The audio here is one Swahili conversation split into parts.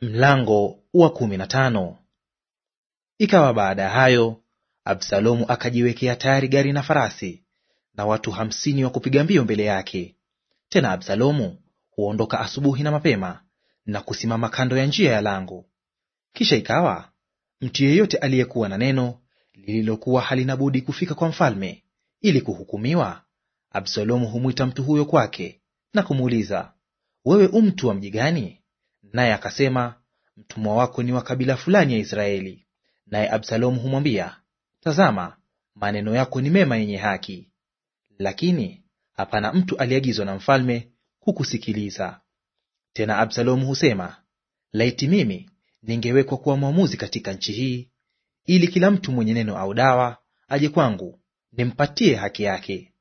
Mlango wa kumi na tano. Ikawa baada ya hayo, Absalomu akajiwekea tayari gari na farasi na watu hamsini wa kupiga mbio mbele yake. Tena Absalomu huondoka asubuhi na mapema na kusimama kando ya njia ya lango. Kisha ikawa mtu yeyote aliyekuwa na neno lililokuwa halina budi kufika kwa mfalme ili kuhukumiwa, Absalomu humwita mtu huyo kwake na kumuuliza, wewe u mtu wa mji gani? Naye akasema, mtumwa wako ni wa kabila fulani ya Israeli. Naye Absalomu humwambia, tazama, maneno yako ni mema yenye haki, lakini hapana mtu aliagizwa na mfalme kukusikiliza. Tena Absalomu husema, laiti mimi ningewekwa kuwa mwamuzi katika nchi hii, ili kila mtu mwenye neno au dawa aje kwangu nimpatie haki yake.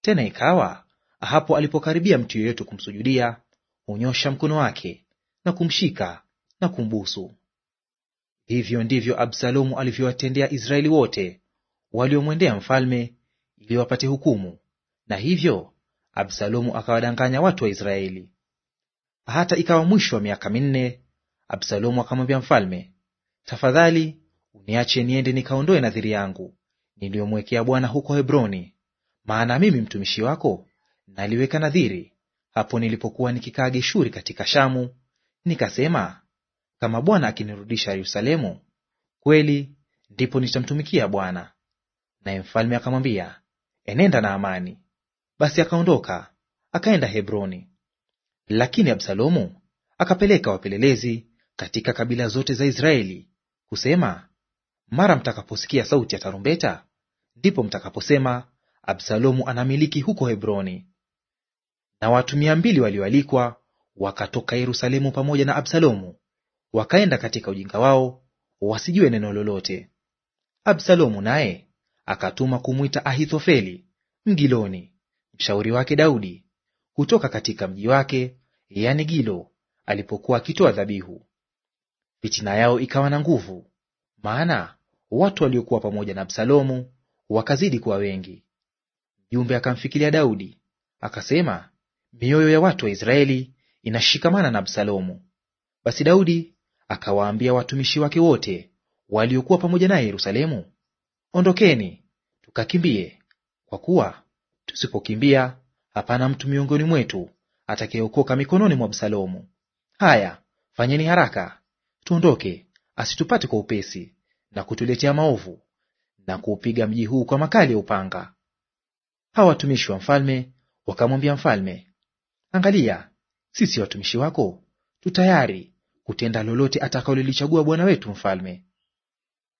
Tena ikawa hapo alipokaribia mtu yeyote kumsujudia, hunyosha mkono wake na kumshika na kumbusu. Hivyo ndivyo Absalomu alivyowatendea Israeli wote waliomwendea mfalme ili wapate hukumu, na hivyo Absalomu akawadanganya watu wa Israeli. Hata ikawa mwisho wa miaka minne, Absalomu akamwambia mfalme, tafadhali uniache niende nikaondoe nadhiri yangu niliyomwekea Bwana huko Hebroni, maana mimi mtumishi wako naliweka nadhiri hapo nilipokuwa nikikaa Geshuri katika Shamu Nikasema, kama Bwana akinirudisha Yerusalemu, kweli ndipo nitamtumikia Bwana. Naye mfalme akamwambia, enenda na amani. Basi akaondoka akaenda Hebroni. Lakini Absalomu akapeleka wapelelezi katika kabila zote za Israeli kusema, mara mtakaposikia sauti ya tarumbeta, ndipo mtakaposema Absalomu anamiliki huko Hebroni. Na watu mia mbili walioalikwa Wakatoka Yerusalemu pamoja na Absalomu, wakaenda katika ujinga wao, wasijue neno lolote. Absalomu naye akatuma kumwita Ahithofeli Mgiloni, mshauri wake Daudi, kutoka katika mji wake, yani Gilo, alipokuwa akitoa dhabihu. Fitina yao ikawa na nguvu, maana watu waliokuwa pamoja na Absalomu wakazidi kuwa wengi. Mjumbe akamfikiria Daudi akasema, mioyo ya watu wa Israeli inashikamana na Absalomu. Basi Daudi akawaambia watumishi wake wote waliokuwa pamoja naye Yerusalemu, ondokeni tukakimbie, kwa kuwa tusipokimbia, hapana mtu miongoni mwetu atakayeokoka mikononi mwa Absalomu. Haya, fanyeni haraka, tuondoke, asitupate kwa upesi na kutuletea maovu na kuupiga mji huu kwa makali ya upanga. Hawa watumishi wa mfalme wakamwambia mfalme, angalia, sisi watumishi wako tu tayari kutenda lolote atakalolichagua bwana wetu mfalme.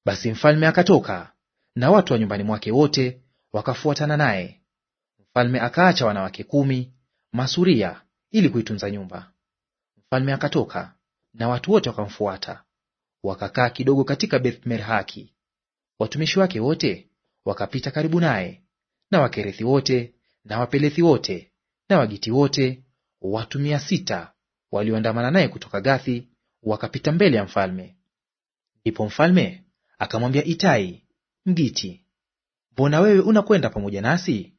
Basi mfalme akatoka na watu wa nyumbani mwake wote wakafuatana naye. Mfalme akaacha wanawake kumi masuria ili kuitunza nyumba. Mfalme akatoka na watu wote wakamfuata, wakakaa kidogo katika Bethmerhaki. Watumishi wake wote wakapita karibu naye na Wakerethi wote na Wapelethi wote na Wagiti wote watu mia sita walioandamana naye kutoka Gathi wakapita mbele ya mfalme. Ndipo mfalme akamwambia Itai Mgiti, mbona wewe unakwenda pamoja nasi?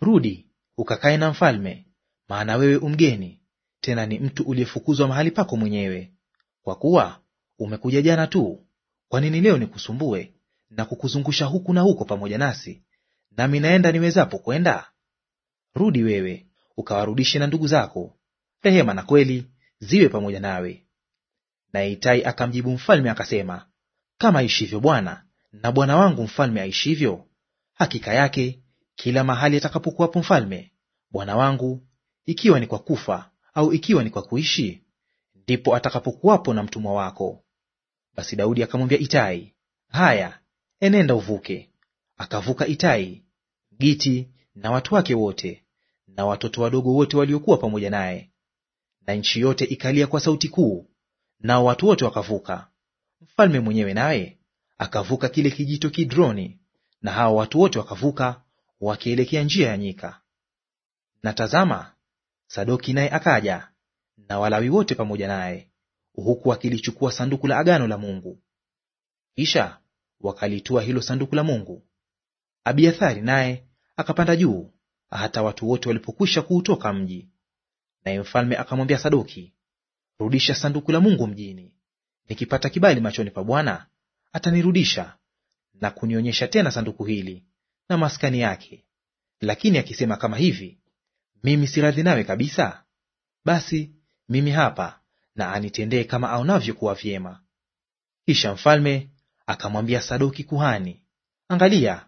Rudi ukakae na mfalme, maana wewe umgeni, tena ni mtu uliyefukuzwa mahali pako mwenyewe. Kwa kuwa umekuja jana tu, kwa nini leo nikusumbue na kukuzungusha huku na huko pamoja nasi, nami naenda niwezapo kwenda? Rudi wewe ukawarudishe na ndugu zako. Rehema na kweli ziwe pamoja nawe. Na Itai akamjibu mfalme akasema, kama aishivyo Bwana na bwana wangu mfalme aishivyo, hakika yake kila mahali atakapokuwapo mfalme bwana wangu, ikiwa ni kwa kufa au ikiwa ni kwa kuishi, ndipo atakapokuwapo na mtumwa wako. Basi Daudi akamwambia Itai, haya, enenda uvuke. Akavuka Itai Mgiti na watu wake wote na watoto wadogo wote waliokuwa pamoja naye. Na nchi yote ikalia kwa sauti kuu, nao watu wote wakavuka. Mfalme mwenyewe naye akavuka kile kijito Kidroni, na hao watu wote wakavuka wakielekea njia ya nyika. Na tazama, Sadoki naye akaja na Walawi wote pamoja naye, huku akilichukua sanduku la agano la Mungu. Kisha wakalitua hilo sanduku la Mungu. Abiathari naye akapanda juu hata watu wote walipokwisha kuutoka mji. Naye mfalme akamwambia Sadoki, rudisha sanduku la Mungu mjini. Nikipata kibali machoni pa Bwana atanirudisha na kunionyesha tena sanduku hili na maskani yake. Lakini akisema kama hivi, mimi si radhi nawe kabisa, basi mimi hapa, na anitendee kama aonavyo kuwa vyema. Kisha mfalme akamwambia Sadoki kuhani, angalia,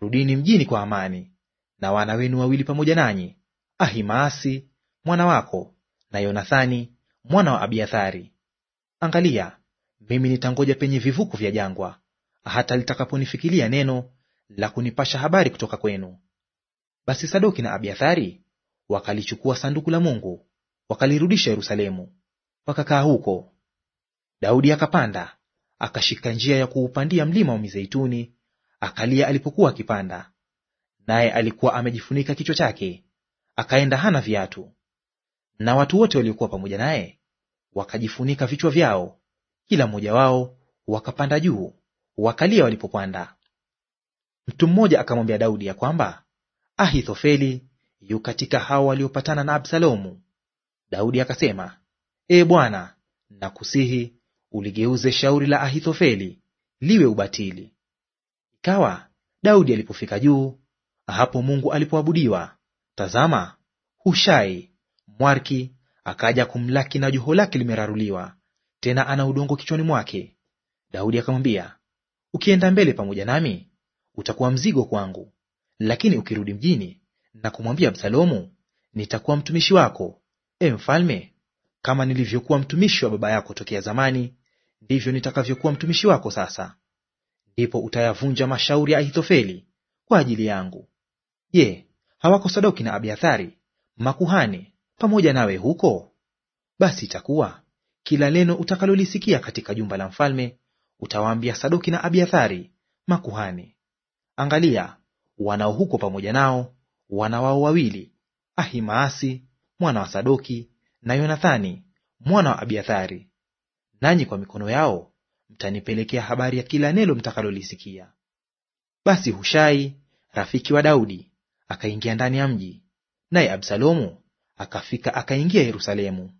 rudini mjini kwa amani, na wana wenu wawili pamoja nanyi, Ahimaasi mwana wako na Yonathani mwana wa Abiathari. Angalia, mimi nitangoja penye vivuko vya jangwa, hata litakaponifikilia neno la kunipasha habari kutoka kwenu. Basi Sadoki na Abiathari wakalichukua sanduku la Mungu, wakalirudisha Yerusalemu, wakakaa huko. Daudi akapanda akashika njia ya kuupandia mlima wa Mizeituni, akalia alipokuwa akipanda, naye alikuwa amejifunika kichwa chake, akaenda hana viatu. Na watu wote waliokuwa pamoja naye wakajifunika vichwa vyao, kila mmoja wao wakapanda juu, wakalia walipopanda. Mtu mmoja akamwambia Daudi ya kwamba Ahithofeli yu katika hao waliopatana na Absalomu. Daudi akasema, E Bwana, nakusihi uligeuze shauri la Ahithofeli liwe ubatili. Ikawa Daudi alipofika juu hapo Mungu alipoabudiwa, tazama, Hushai Mwarki akaja kumlaki na joho lake limeraruliwa, tena ana udongo kichwani mwake. Daudi akamwambia, ukienda mbele pamoja nami utakuwa mzigo kwangu, lakini ukirudi mjini na kumwambia Absalomu, nitakuwa mtumishi wako, e mfalme, kama nilivyokuwa mtumishi wa baba yako tokea zamani, ndivyo nitakavyokuwa mtumishi wako sasa. Ndipo utayavunja mashauri ya Ahithofeli kwa ajili yangu, Je, hawako Sadoki na Abiathari makuhani pamoja nawe huko? Basi itakuwa kila neno utakalolisikia katika jumba la mfalme utawaambia Sadoki na Abiathari makuhani. Angalia, wanao huko pamoja nao wana wao wawili, Ahimaasi mwana wa Sadoki na Yonathani mwana wa Abiathari. Nanyi kwa mikono yao mtanipelekea habari ya kila neno mtakalolisikia. Basi Hushai rafiki wa Daudi akaingia ndani ya mji, naye Absalomu akafika akaingia Yerusalemu.